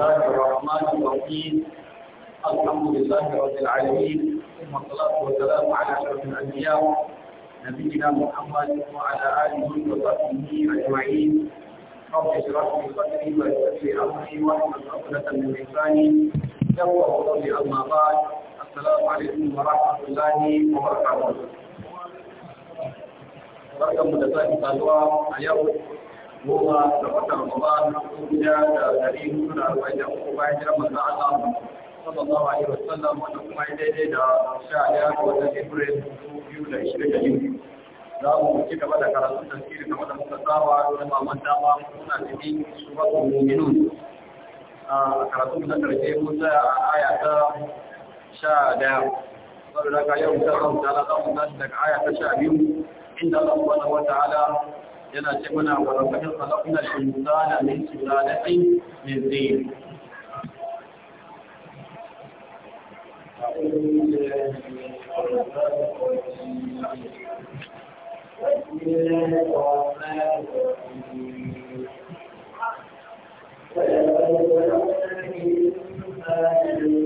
الله الرحمن الرحيم الحمد لله رب العالمين ثم الصلاة والسلام على أشرف الأنبياء نبينا محمد وعلى آله وصحبه أجمعين رب اشرح لي صدري ويسر لي أمري واحمد عقدة من لساني يفقه قولي أما بعد السلام عليكم ورحمة الله وبركاته. Barkanmu da sake saduwa Kuma da wata ramadan na kuma da dari hudu da arba'in da uku bayan jiran manzo Allah sallallahu alaihi wasallam wanda kuma ya daidai da sha ɗaya wata watan April biyu da ishirin da biyu. Za mu ci gaba da karatun tafsiri kamar da muka saba da maman dama muna cikin suratul mu'minun. A karatun na karshe mun tsaya a aya ta sha ɗaya. Saboda haka yau ta zamu ta za mu tashi daga aya ta sha biyu inda Allah subhanahu wa ta'ala yana ce mana wa rabbin khalaqna al-insana min sulalatin min tin Thank you.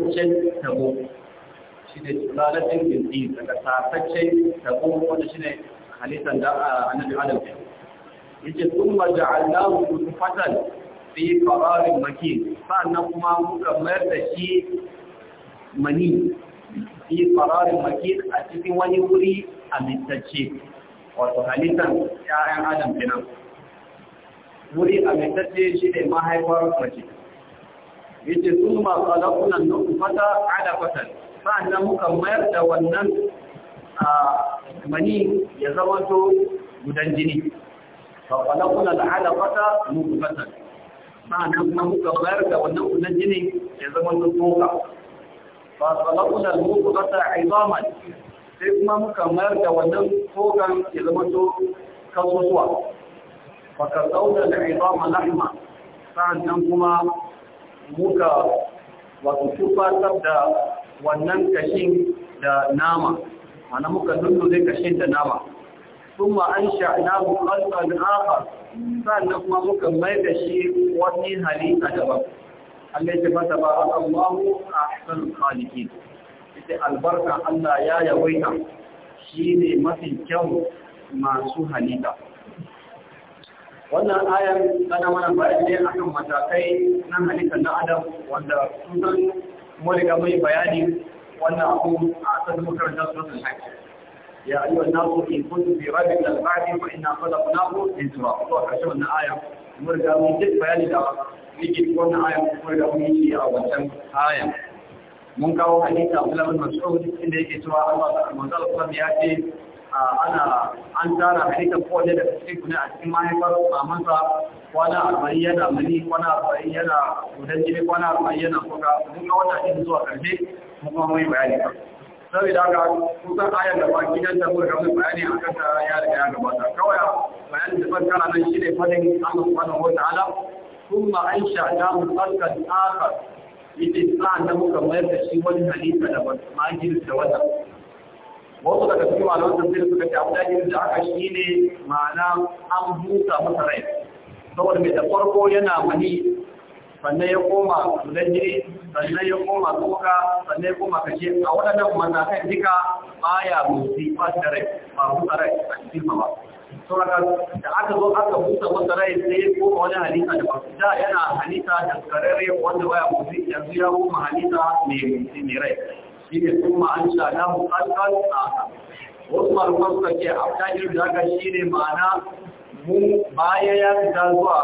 sasaccen tabo shi ne tsarafin gindi daga sasaccen tabo wanda shi ne halittar da annabi adam ne yake allahu ja'alnahu nutfatan fi fararin makin sannan kuma muka mayar da shi mani fi fararin makin a cikin wani wuri a mintacce wato halittar ƴaƴan adam kenan wuri a mintacce shi ne mahaifar mace yace kuma qalaqna nutfata alaqatan sa'annan muka mayar da wannan mani ya zama to gudan jini fa fata alaqata nutfatan sa'annan kuma muka mayar da wannan gudan jini ya zama to toka fa qalaqna fata 'idhaman sai kuma muka mayar da wannan tokan ya zama to kasusuwa fa kasawna al'idhama lahma sa'annan kuma muka wato tufatar da wannan kashin da nama ana muka zai kashin da nama sun ma'an sha'anahu alfan aha sannan kuma muka mai da shi wani a daban Allah ya ba a Allahu a san khaliqin ita albarka Allah ya yawaita shine mafi kyau masu halitta wannan ayan tana mana bayani ne kan matakai na halittar na adam wanda sun san mulka mai bayani wannan abu a san makarantar suratul hajj ya ayyuhan nasu in kuntum fi rabbin ina bad fa inna in su turab to karshe wannan aya mun mai duk bayani da yake wannan aya mun mai shi a wancan ayan mun kawo a Abdullah masu Mas'ud inda yake cewa Allah ta'ala manzo kwan ya ce ana an tara haika kowane da cikin ne a cikin mahaifar mamansa kwana arba'in yana mani kwana arba'in yana gudan jini kwana arba'in yana kuka mun ga wata ɗin zuwa karfe mun kuma mai bayani ba saboda haka kusan ayar da ba gidan da muka mai bayani a kan ta ya riga ya gabata kawai bayanin da ban kana nan shine fadin Allah subhanahu wataala kuma Aisha ta mu farkan akar yadda ta da muka mayar da shi wani halitta da ba ma da wata wasu daga cikin malaman tafsir suka ce abu da da aka shi ne ma'ana an busa masa rai saboda mai da farko yana mani sannan ya koma gudan jini sannan ya koma tsoka sannan ya koma kashe a waɗannan matakan duka baya motsi ba da rai ba busa rai a cikin ba sauraka da aka zo aka busa masa rai sai ko wani halitta da basu da yana halitta da karere wanda baya motsi yanzu ya koma halitta mai motsi mai rai shi kuma an sha na mukalkal a wasu malumar ke ce afta irin haka ma'ana mu baya ya fita zuwa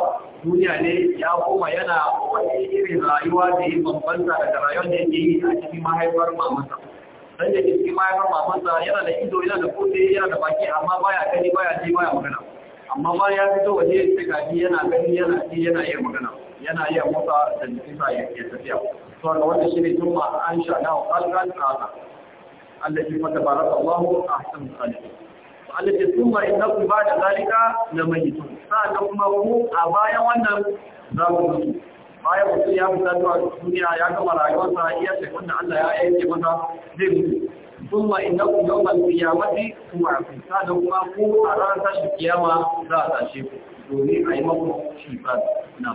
duniya ne ya koma yana wani irin rayuwa da yi bambanta daga rayuwar da yake yi a cikin mahaifar mamansa dan da cikin mahaifar mamansa yana da ido yana da kote yana da baki amma baya gani baya ji baya magana amma baya fito waje ya ce gaji yana gani yana ji yana iya magana yana iya motsa da jikinsa ya tafiya so da wannan tun juma an sha na qalqan qala allati fa tabaraka Allahu ahsanu khaliqin allati thumma innakum da zalika lamayitun Sa'a kuma mu a bayan wannan za mu mutu bayan mutum ya fita zuwa duniya ya gama rayuwarsa iya ce wanda Allah ya yanke masa zai mutu thumma innakum yawmal qiyamati tu'afun sa'an kuma ku a ranar tashin kiyama za a tashe ku domin a yi maku shi ba na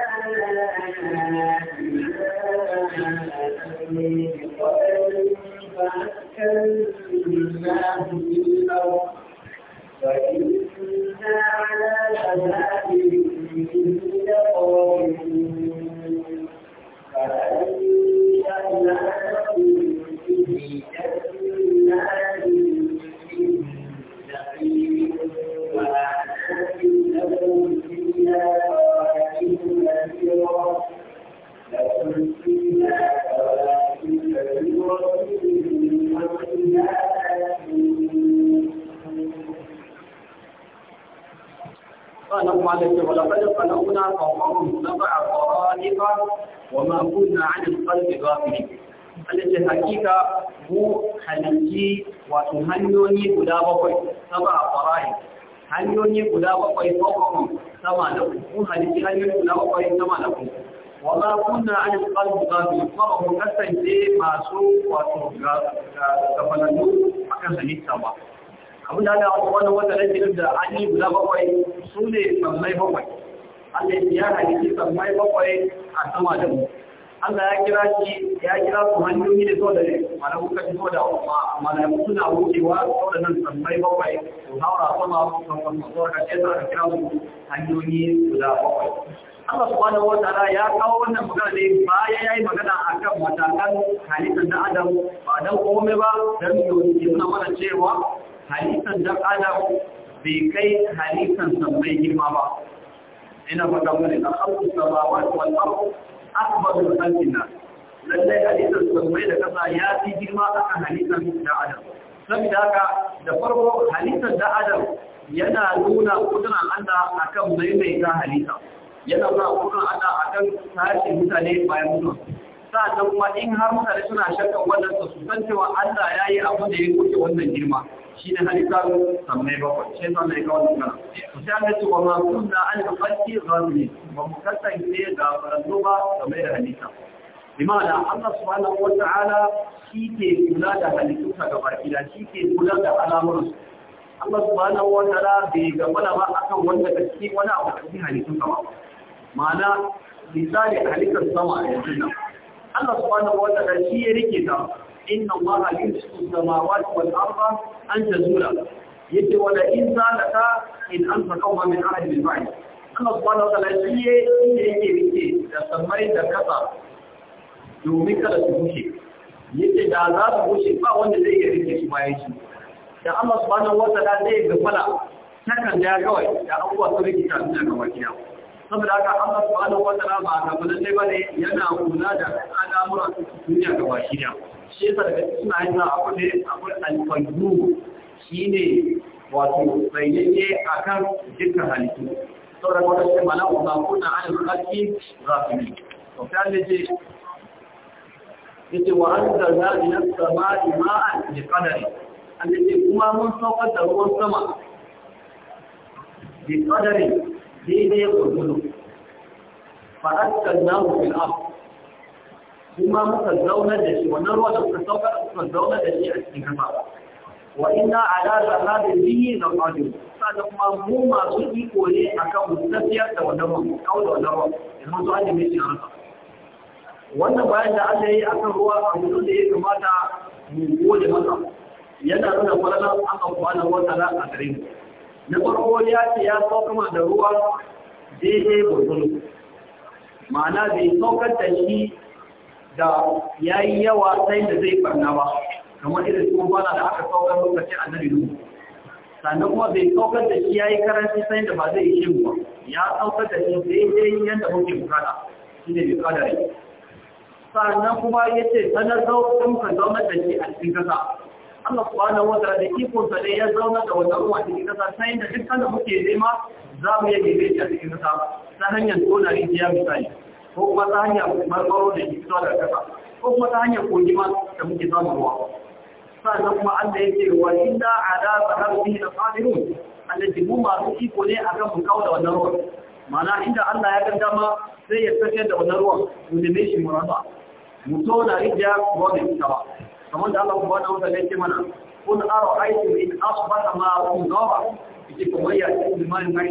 su kuma ba mu kasance masu wato gabanannu a kan halitta ba abin da ana wani wata nake da an yi guda bakwai su ne sammai bakwai Allah ya halitta sammai bakwai a sama da mu Allah ya kira shi ya kira su hanyoyi da sau da ne malamu ka fito da malamu suna wucewa sau da nan sammai bakwai su haura sama su kan kasuwar ka ce sa kira su hanyoyi guda bakwai Allah subhanahu wata ra ya kawo wannan magana ne baya yi magana a kan matakan halittar da Adam ba dan komai ba dan yi suna mana cewa halittar da Adam bai kai halittar sammai girma ba ina faɗa mana da khalqu samawati wal akbarul khalqina lalle hadisin sammai da kasa ya fi girma a kan hadisin da adam saboda haka da farko hadisin da adam yana nuna kudunan Allah akan maimaita halitta yana nuna kudunan Allah akan tashi mutane bayan mutum sa'annan kuma in har mutane suna shakkan wannan su san cewa Allah ya yi abu da ya kuke wannan girma shi ne halittar sammai bakwai shi ne mai kawai gana ku sha ne su wama kunna an da farki rasmi ba mu kasance ga farannu ba game da halitta Imana, allah subhanahu wa ta'ala shi ke kula da halittunsa ga baki da shi ke kula da al'amuransu allah subhanahu wa ta'ala bai gabana ba akan wanda gaske wani abu da shi halittunsa ba ma'ana misali halittar sama a yanzu nan allah subhanahu wa ta'ala shi ya rike ta inna allaha yusku samawati wal arda an tazula yace wala in zalata in an taqawma min ahad bil ba'd Allah subhanahu wa ta'ala shi yake rike da samai da kasa domin kada su bushe yace da za su bushe ba wanda zai iya rike su bayan shi da Allah subhanahu wa ta'ala zai gafala takan da kawai da abubuwa su rike ta duniya gaba kiya saboda haka Allah subhanahu wa ta'ala ba ga bane yana kula da al'amuran duniya gaba da. shi yasa daga cikin ayyuka a ne akwai alfayyu shine wato bayyane akan dukkan halittu sau sauran wata shi mana wata na an kalki rafili to sai Allah ce yace wa anzalna min as-samai ma'an bi qadari Allah ce kuma mun saukar da ruwan sama bi qadari daidai gurgudu fa askalnahu fil ardh kuma muka zaunar da shi wannan ruwa da muka saukar muka zaunar da shi a cikin kasa wa inna ala zahabin bihi da qadir sannan kuma mu masu iko ne akan mutafiyar da wannan mu kawo da wannan ruwa yanzu zo an yi mishi wannan bayan da aka yi akan ruwa a mutu da ya kamata mu gode masa yana nuna kwallon an kwana wata na a gare mu na farko ya ce ya saukama da ruwa daidai bozulu ma'ana bai saukar da shi da ya yi yawa sai da zai barna ba kamar irin su ba da aka saukar lokacin nan yau sannan kuma bai saukar da shi ya yi karanci sai da ba zai yi shi ba ya saukar da shi daidai yadda muke bukata shi ne bai ne. sannan kuma ya ce sanar saukar ka zaune da shi a cikin kasa Allah subhanahu wa ta'ala da ikon sa ne ya zauna da wannan ruwa cikin kasa sai da dukkan da muke nema za mu yi bebe a cikin kasa ta hanyar tona rijiya misali ko kuma ta hanyar marmaro da ke fito da kasa ko kuma ta hanyar kogi ma da muke samun ruwa sannan kuma Allah yake wa inda ala sahabi da qadirun allati mu masu iko ne akan mu kawo da wannan ruwan mana inda Allah ya ga dama sai ya tafiyar da wannan ruwan mu neme shi muraba mu tona rijiya ruwa da ita ba kamar da Allah subhanahu wa ta'ala yake mana kun aro aitu in asbata ma'akum dawra ita kuma ya ce imani mai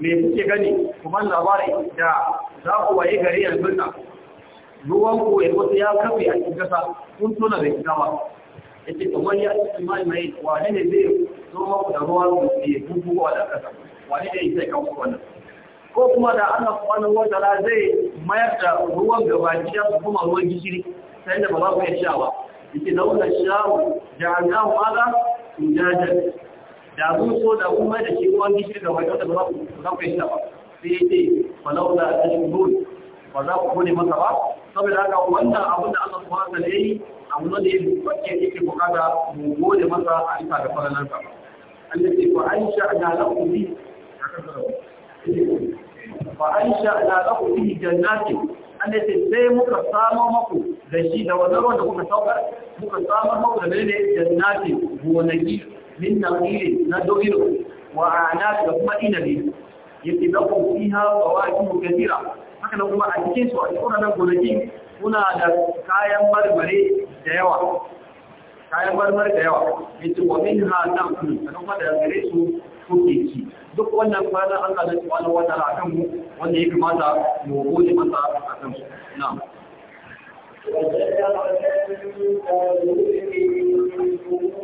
me kuke gani kuma labari da za ku waye gari yanzu da ruwan ku ya wasu ya kafe a cikin kasa kun tona da ita ba yace kamar ya ci mai mai wani ne zai zo maku da ruwan ku ya bubuwa da kasa wani ne zai kawo wannan ko kuma da kwana wata la zai mayar da ruwan gabaci ya kuma ruwan gishiri sai da ba za ku ya sha ba yace laula sha'u ja'alnahu maza tujajan da mun so da mun mai da shi ruwan gishiri da wani wata ba za ku yi shi ba sai ya ce falau da ta shi dole ba za ku gode masa ba saboda haka wannan abin da Allah subhanahu wa ta'ala yayi abu ne da ya yake bukata mu gode masa a isa da falalar An Allah ce fa aisha da na lahu bi fa aisha da lahu bi jannati Allah ce sai muka samu maku da shi da wani wannan da kuka saukar muka samu maku da ne jannati gonaki min naqilin na dogiro wa anat da kuma inabi yake da ku fiha qawaid kathira haka nan kuma a cikin su a cikin nan gonaki kuna da kayan marmari da yawa kayan marmari da yawa yace wa minha naqlu sannan kuma da gare su kuke ci duk wannan fara Allah da subhanahu wa ta'ala akan mu wanda ya kamata mu gode masa kan su na'am وَجَعَلَ لَكُمْ مِنْ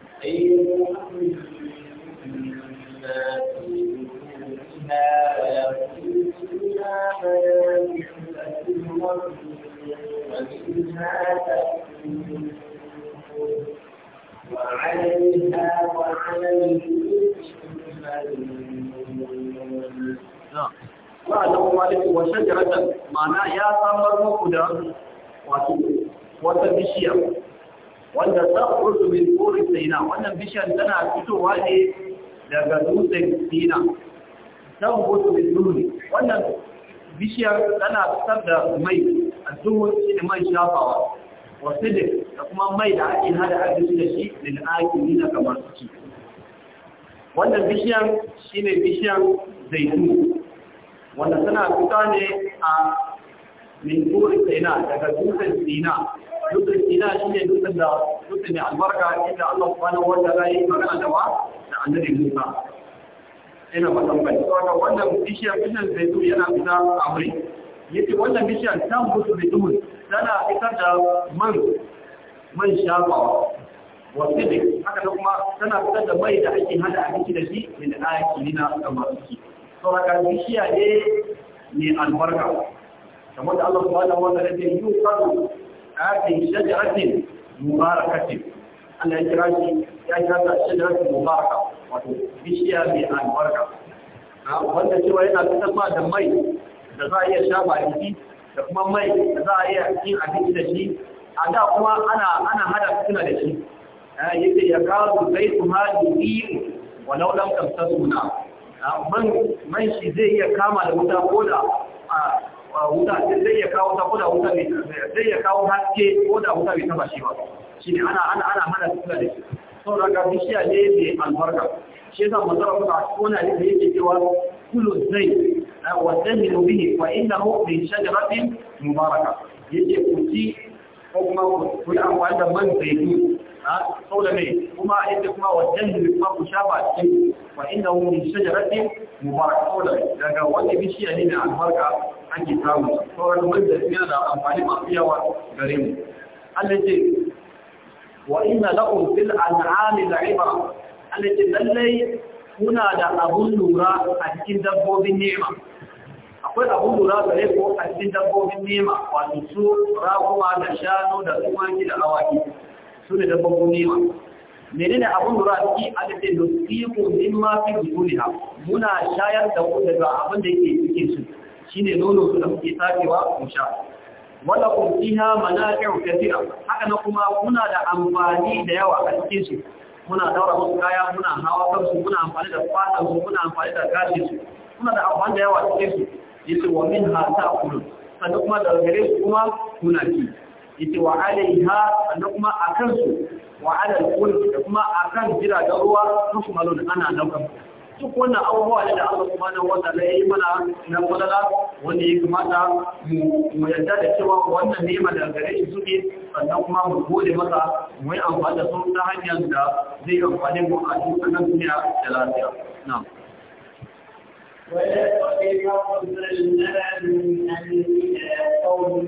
mana ya samar muku da wasu wata bishiya wanda ta kurdu min turi sina wannan bishiyar tana fitowa ne daga dutsen sina ta kurdu min duni wannan bishiyar tana fitar da mai a duhun shi da shafawa wasu da da kuma mai da ake hada abinci da shi ake yi na kamar suke wannan bishiyar shi ne bishiyar zaitun wanda tana fita ne a min turi sina daga dutsen sina dutsen sina shi ne dutsen da dutsen mai albarka inda Allah subhanahu wa ta'ala ya yi magana da wa da annabi Musa ina fatan bai saboda wannan bishiyar bishiyar zaitun yana fita a wuri yace wannan bishiyar ta mutu zaitun tana fitar da man man shafawa wasu ne haka da kuma tana fitar da mai da ake hada abinci da shi mai da ɗaki na da masu ki bishiya ne mai albarka kamar da Allah subhanahu wa ta'ala ya yi karu kafin shajaratin mubarakatin Allah ya kira shi ya kira ta shajaratin mubaraka wato bishiya mai albarka wanda cewa yana fitar ma da mai da za a iya shafa a jiki da kuma mai da za a iya yin abinci da shi a da kuma ana ana hada fitina da shi yake ya kawo zai su hajji biyu walau lam kamsa suna man shi zai iya kama da wuta ko da wuta zai ya kawo ta koda wuta ne zai ya kawo haske koda wuta bai taba shi ba shi ne ana ana ana hana su da shi sau da bishiya ne mai albarka shi yasa masara kuma kona ne da yake cewa kullu zai wa tamilu bihi fa innahu min shajaratin mubaraka yake ku ci ko kuma ku yi amfani da man zaitun saboda kuma da cikin ne albarka da amfani lallai kuna da abun lura a cikin dabbobin nema akwai abun lura da ko a cikin dabbobin nema wato su raguma da shanu da tumaki da awaki su ne dabbobin niwa menene abun da za a a da nusiku min ma fi ha? muna shayar da ku daga abin da yake cikin su shine nono su da muke sakewa, mu sha wala kun fiha manaqi'u kathira haka na kuma muna da amfani da yawa a cikin su muna daura musu kaya muna hawa kansu muna amfani da fatan su muna amfani da gashin su muna da amfani da yawa a cikin su yace wa min ha kullu sannan kuma da gare su kuma muna ji Ita wa alaiha sannan kuma a kansu wa alal kul da kuma a jira jiragen ruwa da ana daukan duk wannan abubuwa ne da Allah subhanahu wa ta'ala ya yi mana na falala wanda ya kamata mu yarda da cewa wannan ni'ima da gare shi suke sannan kuma mu gode masa mu yi amfani da sun ta hanyar da zai yi amfani mu a duk nan duniya da lafiya na'am وَلَقَدْ أَرْسَلْنَا مِنْ أَمْرِنَا قَوْمٍ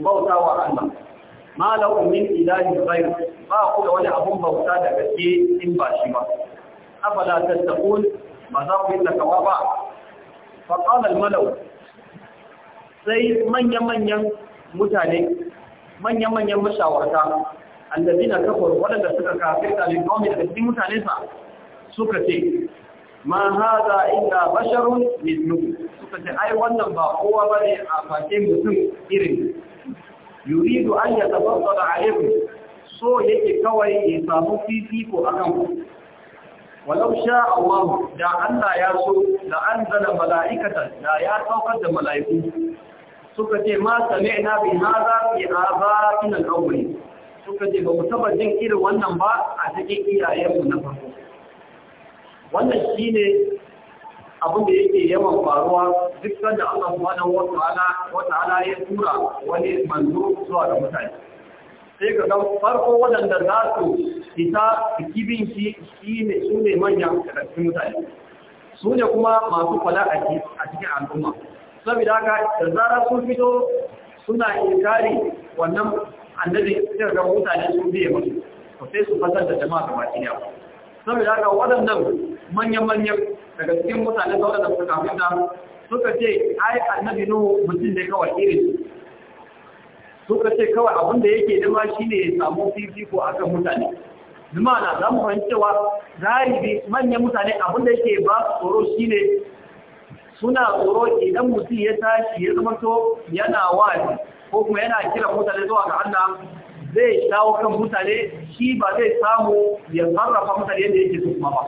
bauta wa Allah ma lahu min ilahin ghayr ba ku da wani abun bauta da gaske in ba shi ba afala tattaqun ba za ku yi kawa ba fa qala al malau sai manyan manyan mutane manyan manyan mashawarta alladina kafaru wadanda suka kafirta ne kawai da cikin mutane sa suka ce ma hada illa basharun mithlukum suka ce ai wannan ba kowa bane a face mutum irin yuridu an ya tafassala alaikum so yake kawai ya samu fifiko akan ku walau sha Allah da Allah ya so da an zana mala'ikatan da ya saukar da mala'iku suka ce ma sami'na bi hadha fi aba'ina al-awwalin suka ce ba mu taba jin irin wannan ba a cikin iyayenmu na farko wannan shine abin da yake yawan faruwa duk sanda Allah subhanahu wa ta'ala ya tura wani manzo zuwa ga mutane sai ga dan farko wadanda za su fita kibin shi shine su ne manya daga cikin mutane su ne kuma masu kwala a cikin al'umma saboda haka da zarar sun fito suna inkari wannan annabi sai ga mutane sun biye musu to sai su fasar da jama'a gaba ɗaya saboda haka waɗannan manyan manyan daga cikin mutane sauran da suka kafin ta suka ce ai annabi nuhu mutum ne kawai irin suka ce kawai abin da yake dama shine ya samu fifiko akan mutane Zumana na zamu fahimci cewa galibi manyan mutane abin da yake ba tsoro shine suna tsoro idan mutum ya tashi ya zama to yana wani ko kuma yana kira mutane zuwa ga Allah zai shawo kan mutane shi ba zai samu ya sarrafa mutane yadda yake so kuma ba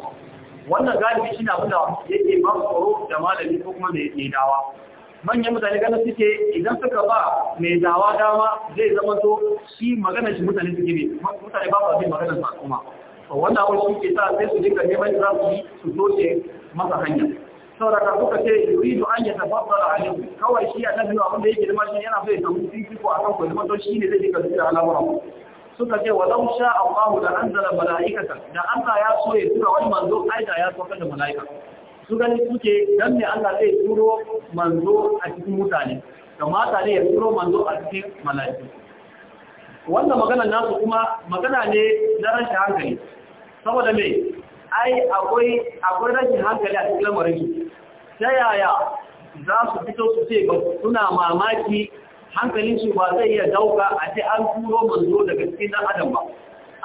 wannan galibi shi na abinda yake ba tsoro da malami ko kuma mai dawa manyan mutane ganin suke idan suka ba mai dawa dama zai zama to shi magana shi mutane suke ne mutane ba su magana su sa kuma to wannan wani shi ke sa sai su dinga neman za su yi su doke masa hanya sauraka suka ce yuridu an yatafaddala alayhi kawai shi annabi abin da yake da mashi yana so ya samu fifiko akan ku zama to shi ne zai dinga zuwa al'amuran suka ce wa lausha Allahu da anzala mala'ikata da an Allah ya so ya tura wani manzo aida ya saukar da mala'ika su gani suke don ne Allah zai turo manzo a cikin mutane mata ne ya turo manzo a cikin mala'iku wannan maganar nasu kuma magana ne na rashin hankali saboda me ai akwai akwai rashin hankali a cikin lamarin su ta yaya za su fito su ce ba suna mamaki hankalin su ba zai iya dauka a ce an turo manzo daga cikin dan adam ba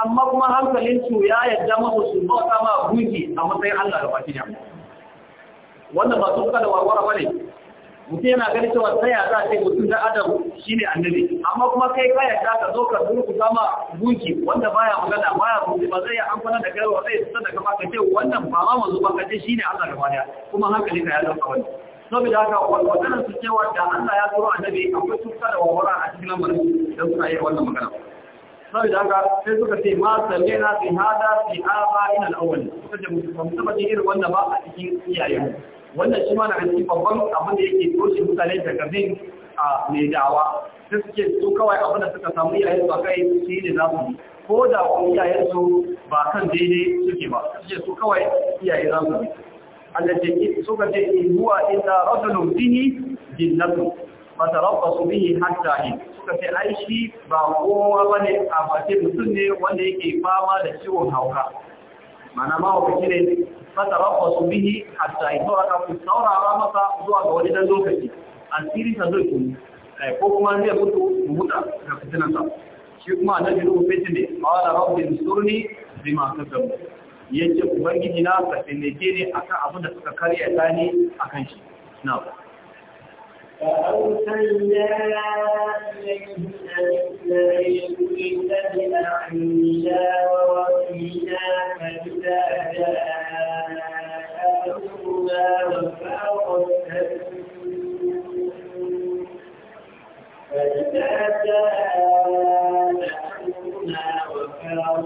amma kuma hankalin su ya yadda masa su bauta ma gunki a matsayin Allah da fatiya wannan ba su kada warware bane mutum yana ganin cewa sai ya zace a mutum da adam shine annabi amma kuma kai ka yadda ka zo ka durku sama gunki wanda baya magana baya gunki ba zai yi amfana da kai wa zai tsada ka ka ce wannan ba ma manzo ba ka ce shine Allah da fatiya kuma hankalin ka ya dauka wannan saboda haka wannan su cewa da Allah ya turo annabi akwai tuka da wawara a cikin lamarin da suna yi wannan magana saboda haka sai suka ce ma na fi hada fi aba ina al-awwal suka ce mu taba ce irin wannan ba a cikin iyayen wannan shi ma na cikin babban abin da yake toshe mutane daga bin a mai dawa sai suke su kawai abin da suka samu iyayen su kai shi ne za su ko da iyayen su ba kan daidai suke ba suke su kawai iyaye za su allati suka ce in huwa illa rajulun bihi jinnatu fatarabbasu bihi hatta hin suka ce ai shi ba kowa bane a face mutum ne wanda yake fama da ciwon hauka mana ma ku kire fatarabbasu bihi hatta hin to aka ku saurara masa zuwa ga wani dan lokaci asiri sa zai kuma ko kuma zai mutu mu da fitinan sa shi kuma annabi ruhu fitne qala rabbi surni bima kasabu Yanke ce gini na ka taimake ne akan abin da suka karya tsani a kan shi na ba فَإِذَا جَاءَ نَحْنُ نَا وَكَرَّمَ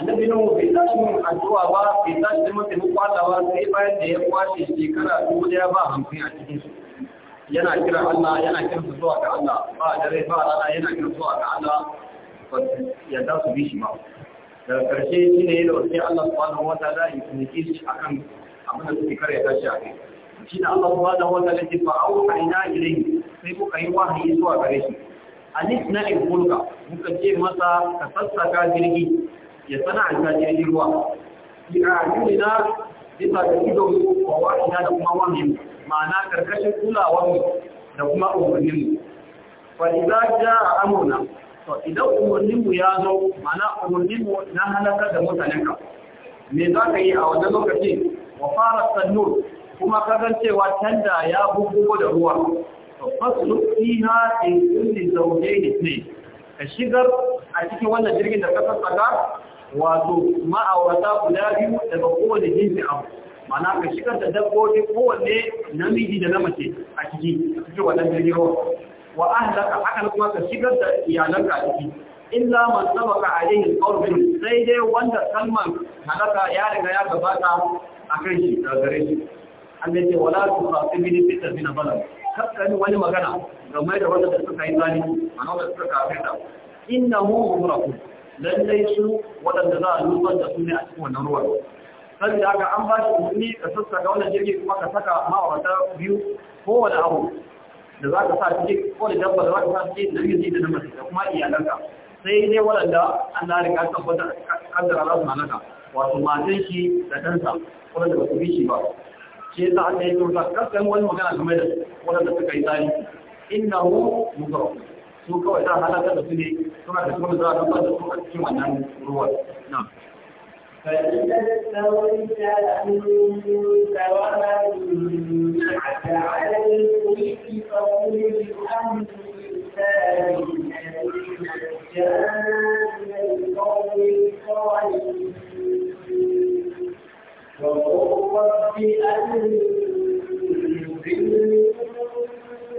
annabi nuhu bai tashi mun addu'a ba bai tashi da mutum kwata ba sai bayan da ya kwashe shekara dubu daya ba hamsin a cikin su yana kira Allah yana kira zuwa ga Allah ba dare ba rana yana kira zuwa ga Allah ba yadda su bi shi ba daga karshe shi ne da wasu Allah subhanahu wa ta'ala ya tuniki shi akan abin da suke kare tashi a kai shi da Allah subhanahu wa ta'ala ya fa'au aina ilayhi sai kuka yi wahayi zuwa gare shi anis na ibulka muka ce masa ka sassaka jirgi ya sana'anta jirgin ruwa bi a'yunina bisa ga ido wa wa'ina da kuma wani ma'ana karkashin kulawar da kuma umarninmu. mu fa idza jaa amruna to idan umarninmu ya zo ma'ana umarninmu na halaka da mutanenka. ka me za ka yi a wannan lokaci wa fara sannur kuma cewa tanda ya bugugo da ruwa to faslu fiha in kulli zawjayn ne. ka shigar a cikin wannan jirgin da ka sassaka wato ma'aurata guda biyu daga kowane jinsi abu mana ka shigar da dabbobi kowanne namiji da namace mace a ciki a cikin wannan jirgin ruwa wa ahlaka haka kuma ka shigar da iyalanka a ciki illa man sabaka alaihi qawlun sai dai wanda kalman halaka ya riga ya gabata akan shi da gare shi Allah ce wala ka fi Bala, balad kakkan wani magana game da wanda suka yi zalimi ana da suka kafirta innahu mumraku lallai su waɗanda za a lubar da su ne a cikin wannan ruwan da haka an ba shi umarni ka ga wannan jirgin kuma ka saka ma'aurata biyu kowane abu da za ka sa cikin kowane dabba da za ka sa cikin da yin da na mace da kuma iyalanka sai dai waɗanda an na rika tabbatar kaddara za su malaka wato matan shi da ɗansa waɗanda ba su bi shi ba shi yasa an da ya turta kaskan wani magana game da waɗanda suka yi tsari hu mukarrab su kawai za a halaka da su ne suna da kuma za a duba da su a cikin wannan ruwan na'am فإذا استويت أنت ومن معك على الفلك فقل الحمد لله الذي نجانا من القوم الظالمين وقل رب أنزلني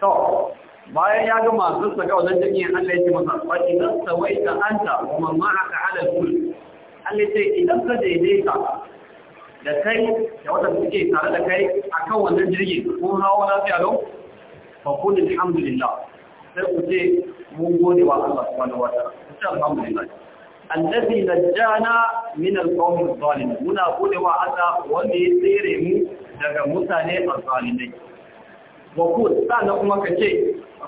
to bayan ya gama sun saka wannan jami'in Allah ya ce masa fa idan sawaita anta wa man ka ala al-kul an ya ce idan ka daidaita da kai da wata suke tare da kai a kan wannan jirgi kun hawa lafiya lau fa qul alhamdulillah sai ku ce mun gode wa Allah subhanahu wa ta'ala alhamdulillah allazi na jana minar adh-dhalimin muna wa aza wanda ya tsere mu daga mutane a zalimai wa na sana kuma kace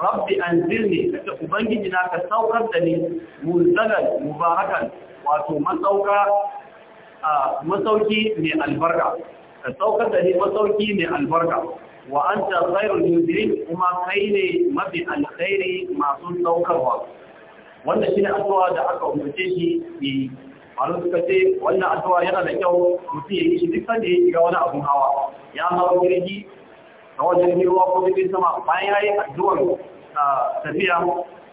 rabbi anzilni kace ubangiji na ka saukar da ni munzalan mubarakan wato masauka a masauki mai albarka ka saukar da ni masauki mai albarka wa anta khairul kuma kai ne mafi alkhairi masu saukarwa wannan shine addu'a da aka umarce shi yi malu suka ce wannan addu'a yana da kyau mutum ya yi shi duk sanda ya shiga wani abun hawa ya hawa jirgi a wajen ruwa ko jirgin sama bayan ya yi addu'ar ah, tafiya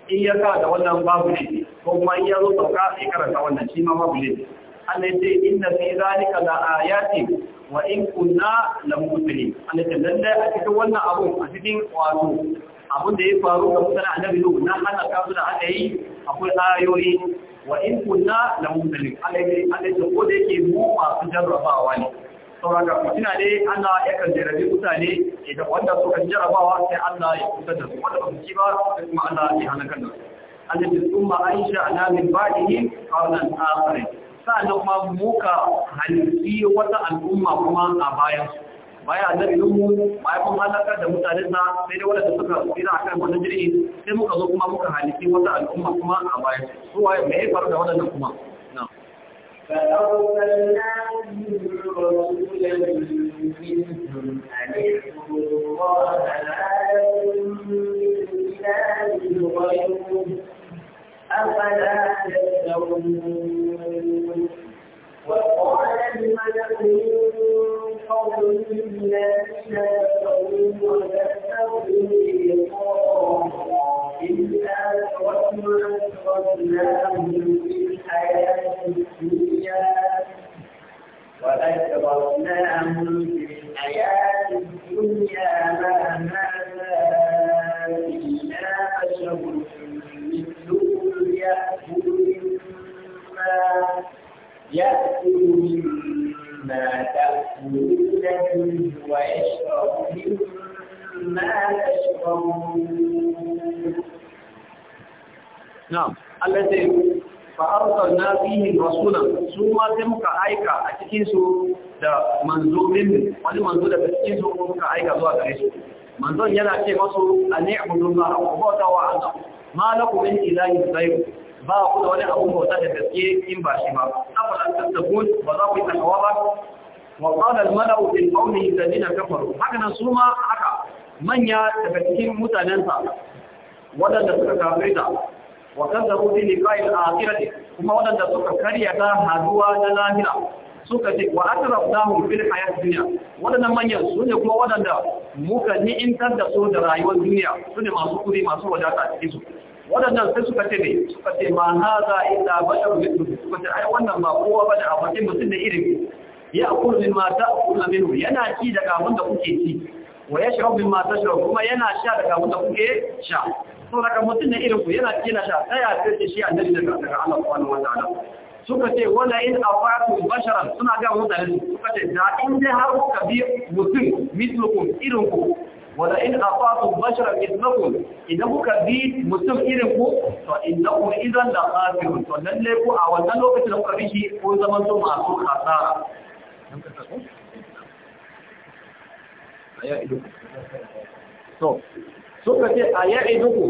in ya ka da wannan babu ne ko kuma in ya zo sauka ya karanta wannan shi ma babu ne Allah ce inna fi zalika la ayati wa in kunna la mutli Allah dan lalle a cikin wannan abu a cikin wato abun da ya faru ga mutane annabi Nuhu na hana ka su da aka yi akwai ayoyi wa in kunna la mutli Allah ce Allah ko da yake mu masu jarrabawa ne saboda mutuna ne Allah ya kan jarabi mutane idan wanda suka jarrabawa sai Allah ya kusa da su wanda ba su ci ba sai kuma Allah ya halaka da su Allah ce kuma Aisha ana min ba'dihi qawlan akhirin na kuma muka halitti wata al'umma kuma a bayan su baya annabi Nuhu bayan kuma halakar da mutane sa sai dai wanda suka tsira akan wannan jirgi sai muka zo kuma muka halitti wata al'umma kuma a bayan su waye me yi faru da wadannan kuma فأرسلنا رسولا منهم أن اعبدوا الله لا أفلا تذكرون وقال الملك من قومه الذين كفروا وكذبوا بلقاء إلا وأسرفناهم في الحياة الدنيا وأسرفناهم في الحياة الدنيا ما ماذا na'am Allah sai fa arsalna rasulan su ma sai muka aika a cikinsu da manzo wani manzo da cikin su muka aika zuwa gare su manzon yana ce masu a ne abudullah a bauta wa Allah ma lakum min ilahin ghayr ba ku da wani abu bauta da gaske in ba shi ba afalan tasabun ba za ku yi takawa ba wa qala al mala'u min qawmihi alladhina kafaru haka nan su ma haka manya daga cikin mutanensa waɗanda suka ta. wa kazzabu bi liqa'il akhirati kuma waɗanda suka karya ta haduwa na lahira suka ce wa atrafnahum fil hayat dunya Waɗannan manyan su ne kuma wadanda muka ni'intar da su da rayuwar duniya su ne masu kuri masu wadata cikin su wadannan sai suka ce ne suka ce ma haza illa bashar mithlu suka ce ai wannan ba kowa ba a abokin mutum da irin ya akulu min ma ta'kulu minhu yana ci daga abin da kuke ci wa yashrabu min ma tashrabu kuma yana sha daga abin da kuke sha so daga mutum na irin ku yana kila sha daya sai ce shi annabi daga Allah subhanahu wataala suka ce wanda in a afatu basharan suna ga mutane suka ce da in dai har kuka bi mutum mislukum irinku? ku in a afatu basharan mislukum idan kuka bi mutum irin ku to innakum idan la kafirun to lalle ku a wannan lokacin da kuka bi shi ko zaman to masu khasara to suka ce a ya'i duku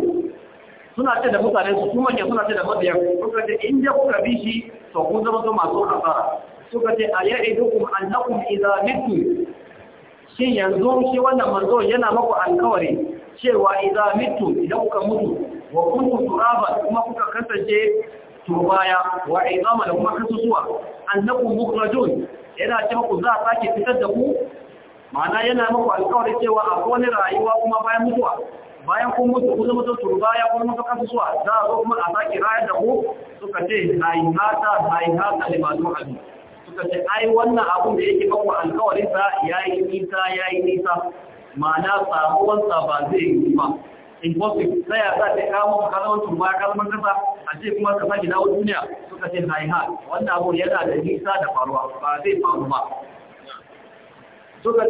suna ce da mutane su kuma ke suna ce da mabiya suka ce in da kuka bi shi to kun zama to masu asara suka ce a ya'i duku annakum idza mitu shin yanzu shi wannan manzo yana maku alkawari cewa idza mitu idan kuka mutu wa kuntum turaban kuma kuka kasance turbaya wa izama da kuma kasusuwa annakum mukhrajun yana ce ku za a sake fitar da ku ma'ana yana maku alƙawarin cewa a wani rayuwa kuma bayan mutuwa bayan kun mutu kun zama turu baya kun mutu kasu suwa za a zo kuma a sake rayar da ku suka ce ai hata ai hata zuwa hadu suka ce ai wannan abun da yake kawo alkawarin sa yayi nisa yayi nisa ma'ana samuwan sa ba zai yi ba impossible sai ya sa ta kawo kalmar turba kalmar kasa a ce kuma ka sake dawo duniya suka ce ai ha wannan abun yana da nisa da faruwa ba zai faru ba suka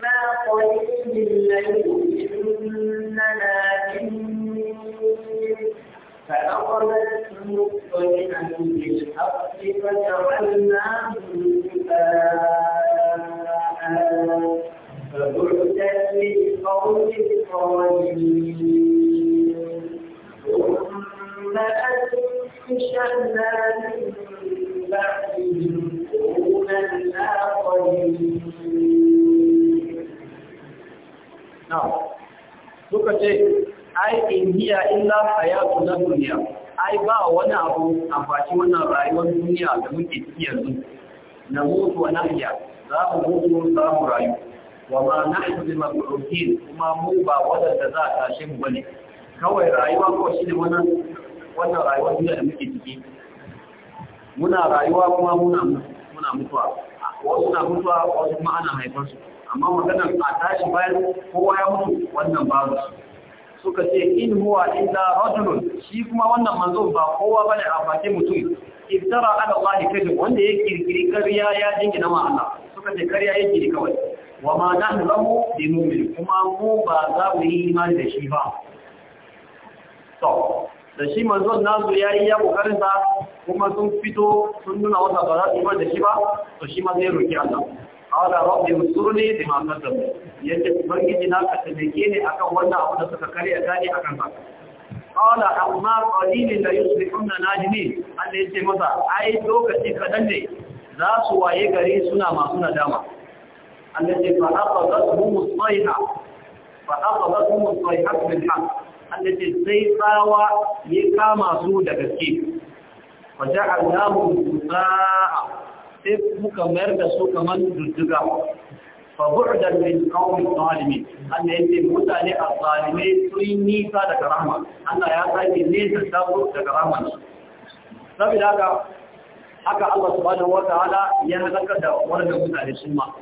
ما قليل بالحق فجعلناهم كفاء فبعدا للقوم الظالمين ثم أنشأنا من بعدهم قرونا آخرين suka ce ai in hiya illa hayatu na duniya ai ba wani abu a faci wannan rayuwar duniya da muke ciki yanzu na mutuwa na hiya za mu mutu za mu rayu wa ma na bi mabrokin kuma mu ba wadanda za a tashe mu bane kawai rayuwa ko shi ne wannan wannan rayuwar duniya da muke ciki muna rayuwa kuma muna muna mutuwa wasu na mutuwa wasu kuma ana haifar su amma magana a tashi bayan kowa ya mutu wannan babu suka ce in huwa illa rajulun shi kuma wannan manzo ba kowa bane a bakin mutum iftara ala Allah kaje wanda ya kirkiri kariya ya jingina ma Allah suka ce kariya yake ne kawai wa ma nahnu lahu bi mu'min kuma mu ba za mu yi imani da shi ba to da shi manzon na yayi ya kokarin sa kuma sun fito sun nuna wata ba za su yi da shi ba to shi ma zai roki Allah ala rabbi usurni bima qadam yace ubangiji na ka taimake ni akan wannan abu da suka karya ta ne akan ba ala amma qalilin la yusbihuna najmi Allah yace masa ai lokaci kadan ne za su waye gari suna masu nadama alle yace fa aqadathum as-sayha fa aqadathum as-sayha bil haq alle yace sai fawa ya kama su da gaske fa ja'alnahum sa'a sai muka mayar da su kamar jujjuga fahur da min kawai zalimi an da yake mutane a zalime sun nisa da rahama Allah ya sake nesa tabo daga rahama saboda haka haka Allah subhanahu wataala ya zaka da wannan mutane sun ma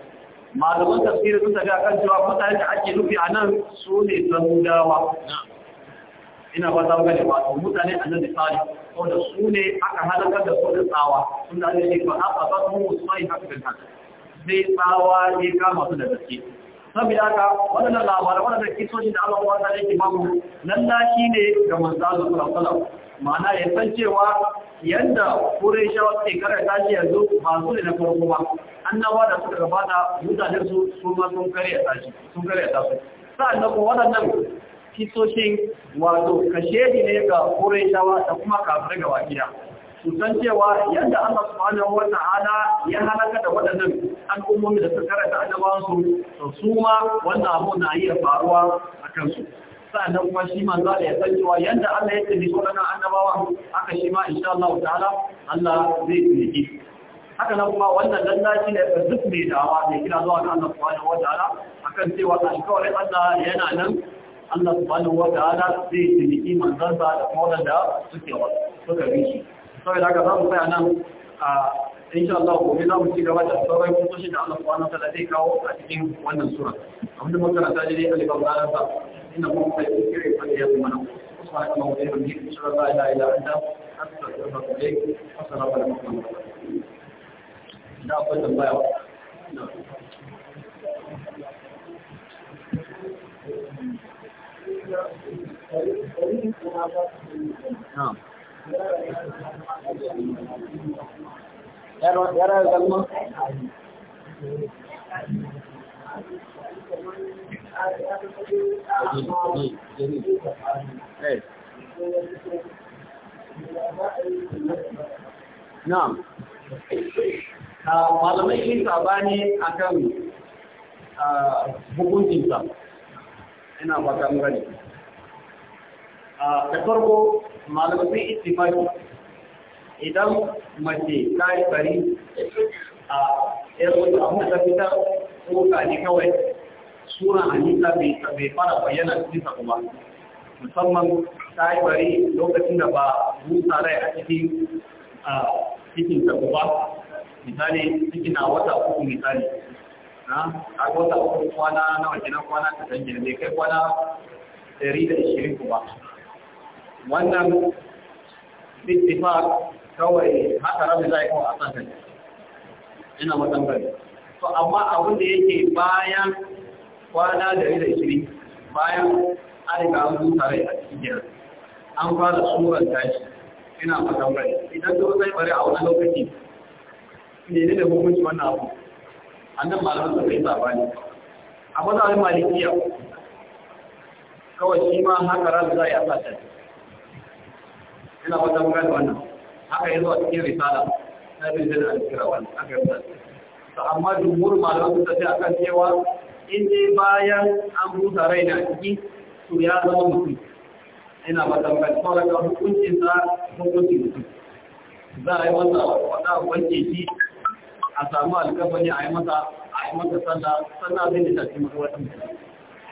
malaman tafsirin sun ga kan cewa mutane da ake nufi anan su ne zangawa ina ba zama gane wato mutane a nan da tsari, ko da su ne aka halakar da su da tsawa sun da ake ba a ba su mu sai haka da haka sai tsawa ne kama masu da gaske saboda haka wannan labarai wannan kisoshi da Allah wata yake mamu nan da shi ne ga manzo sallallahu alaihi ma'ana ya san cewa yanda Qurayshawa suke karanta shi yanzu ba su ne na farko ba annaba da suka gabata mutanen su su ma sun karya tashi sun karya tashi nan ko wannan kisoshin wato kashedi ne ga shawa da kuma kafirai ga wakiya su san cewa yadda Allah subhanahu wa ta'ala ya halaka da waɗannan al'ummomi da suka karanta annabawansu to su ma wannan abu na iya faruwa a kansu sannan kuma shi za a ya san cewa yadda Allah ya tafi waɗannan annabawa aka shi ma insha Allah ta'ala Allah zai tafi haka nan kuma wannan lallaci ne ga duk mai dawa mai kira zuwa ga Allah subhanahu wa ta'ala akan cewa alƙawarin Allah yana nan Allah subhanahu wa ta'ala zai tuniki manzansa da kuma wadanda suke suka bi shi saboda haka za mu sai nan a insha Allah gobe za mu ci gaba da sauran kusoshi da Allah subhanahu wa ta'ala zai kawo a cikin wannan sura abin da muka ta dai Allah ba za ta ina kuma kai kire fa ya yi sura la ilaha illa anta astaghfiruka wa atubu ilaik da akwai tambaya نعم يرى الظلمة جميل جميل جميل Na'am. Ah, malamai sun saba ne ah, hukuncinsa. ina fata mun gani da farko malamai istifaki idan mace ta yi bari a yarwata abin ta fita ko ta ne kawai suna hannuta bai fara bayyana cikinsa kuma musamman ta yi bari lokacin da ba musa rai a cikin cikinsa kuma misali cikin a wata uku misali a wata uku kwana nawa kenan kwana ta san bai kai kwana ɗari da ishirin kuma wannan bittifar kawai haka rabu za a yi kawai a san ta ina matsangar to amma abin da yake bayan kwana ɗari da ishirin bayan an riga an zuta rai a cikin jiran an fara tsoron tashi ina matsangar idan zo zai bari a wani lokaci ne ne da hukunci wannan abu annan malamin suka yi sabani a mazaunin malikiya kawai shi ma haka ran za a yi asata ina wata magana wannan haka yanzu a cikin risala na rijiyar alkira wannan haka yanzu a amma jumhur malamin suka ce akan cewa in dai bayan an busa rai na ciki ya zama mutum ina wata da kawai ga hukuncinsa hukuncin mutum za a yi wata wata wanke shi a samu alkafani a yi masa a yi masa sallah sallah zai ne tafi masa wata mutum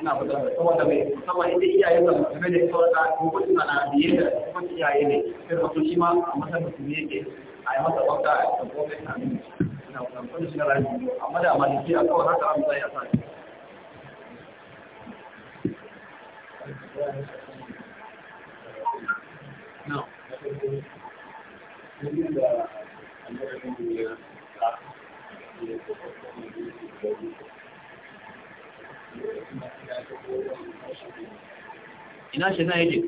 ina ba da saboda mai musamman inda iyaye da musulmai ne kawai da suna na biye da hukunci iyaye ne sai ka shi ma a masa musulmi yake a yi masa a yi masa bauta a ina ba da shi na rayu amma da maliki a kawai haka ya ina shi na yake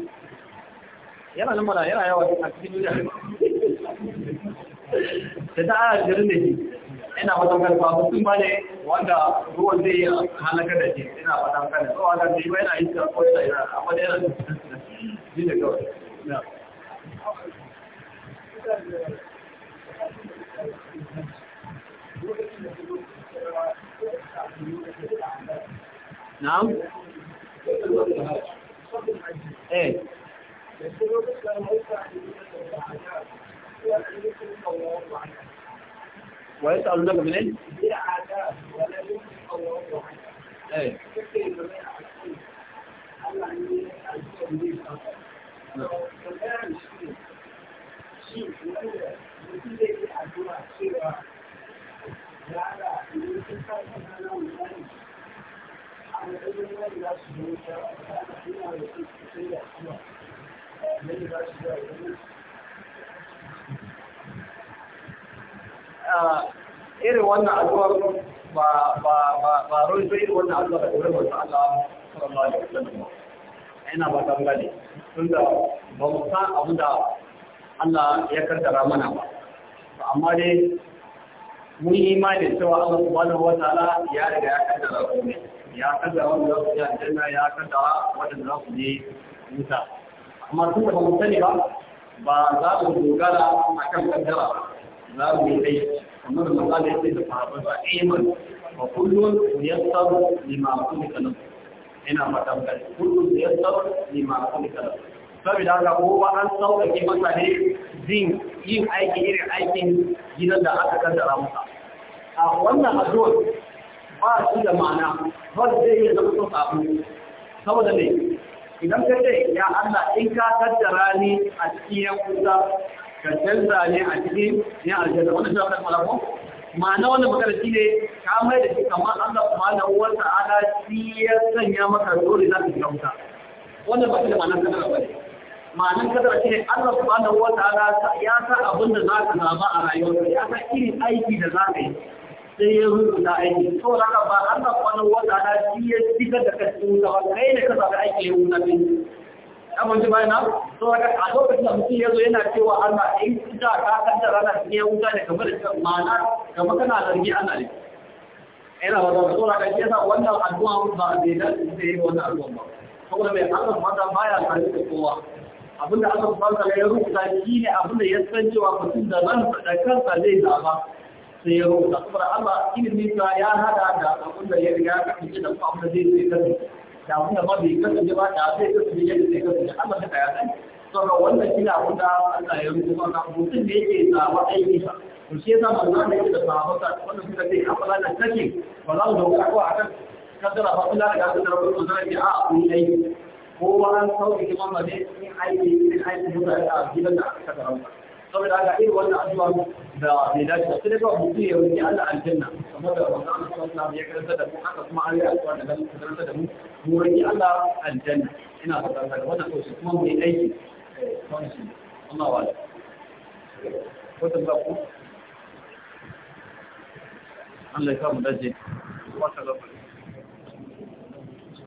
yana nan mara yana yawa a cikin duniya da ta ara jirin da shi ina fatan karfa mutum ba ne wanda ruwan zai yi halaka da shi ina fatan karfa tsawa ga shi yana yi ta kawai da yana a wani yana shi da kawai Now? Hey. Eh. Why is Allah coming in? Hey. Eh. No. Ah, irin wannan addu'ar ba ba ba ba ruwan irin wannan addu'ar da wurin wannan Allah sallallahu ba ta gane ba mu san abin da Allah ya kaddara mana ba amma dai mun yi imanin cewa Allah subhanahu wa ta'ala ya riga ya kaddara komai ya kada wa za ya je ya kada wa za su je wuta amma tun da mun sani ba ba za mu dogara akan kaddara za mu yi dai amma da maza da yake da sahabbai ba iman wa kullun yassaru lima kulika kana ina fata kai kullun yassaru lima kulika kana saboda haka ba an sauƙaƙe masa ne zin yin aiki irin aikin gidan da aka kaddara masa a wannan addu'ar ba su da ma'ana ba zai iya zama sun sabu saboda ne idan ka ce ya Allah in ka kaddara ni a cikin yan kusa ka canza ne a cikin yan aljanna wannan shi da malako ma'ana wannan magana shi ne ka mai da shi kamar Allah subhanahu wa ta'ala shi ya sanya maka dole za ka shiga wuta wannan ba shi da ma'ana kaddara ba ne ma'anin kadar shi ne Allah subhanahu wataala ya sa abin da zaka zaba a rayuwarka ya sa irin aiki da zaka yi sai ya rubuta aiki to haka ba Allah subhanahu wataala shi ya fitar da kai cikin gaba kai ne ka zaba aiki ya wuta ne abin ji bayana to haka a lokacin da mutum ya zo yana cewa Allah in eh, da ka kaddara rana ne ya wuta ne kamar da ma'ana kamar kana zargi Allah ne ina ba da tsora kai yasa wannan addu'a ba da da wannan addu'a ba saboda mai Allah mata baya tare da kowa abinda aka fasa ya rubuta shi ne abinda ya san cewa mutum da zan da kansa zai zaba sai ya rubuta saboda Allah ilimin sa ya hada da abinda ya riga ya kasance da kuma abinda zai zai kasance da abinda ba zai kasance ba da zai da yadda zai kasance Allah ta ya sani saboda wannan shi ne abinda Allah ya rubuta ka mutum da yake zaba aiki sa to shi yasa manzo da yake da sahabbansa wannan suka ce hafala da kake ba za mu dauka ko akan kadara ba kula da kadara ba ko zai a ku aiki kowa an sauke masa ne in aiki in aiki mutu a gidan da aka saka ranka saboda haka irin wannan addu'a da bai dace sai dai kawai mutum ya Allah aljanna kamar da wannan Allah sallallahu alaihi ya karanta da mu haka kuma an yi addu'a ganin da mu mu Allah aljanna ina da karanta da wannan kuma mu aiki kawai shi Allah ba ku Allah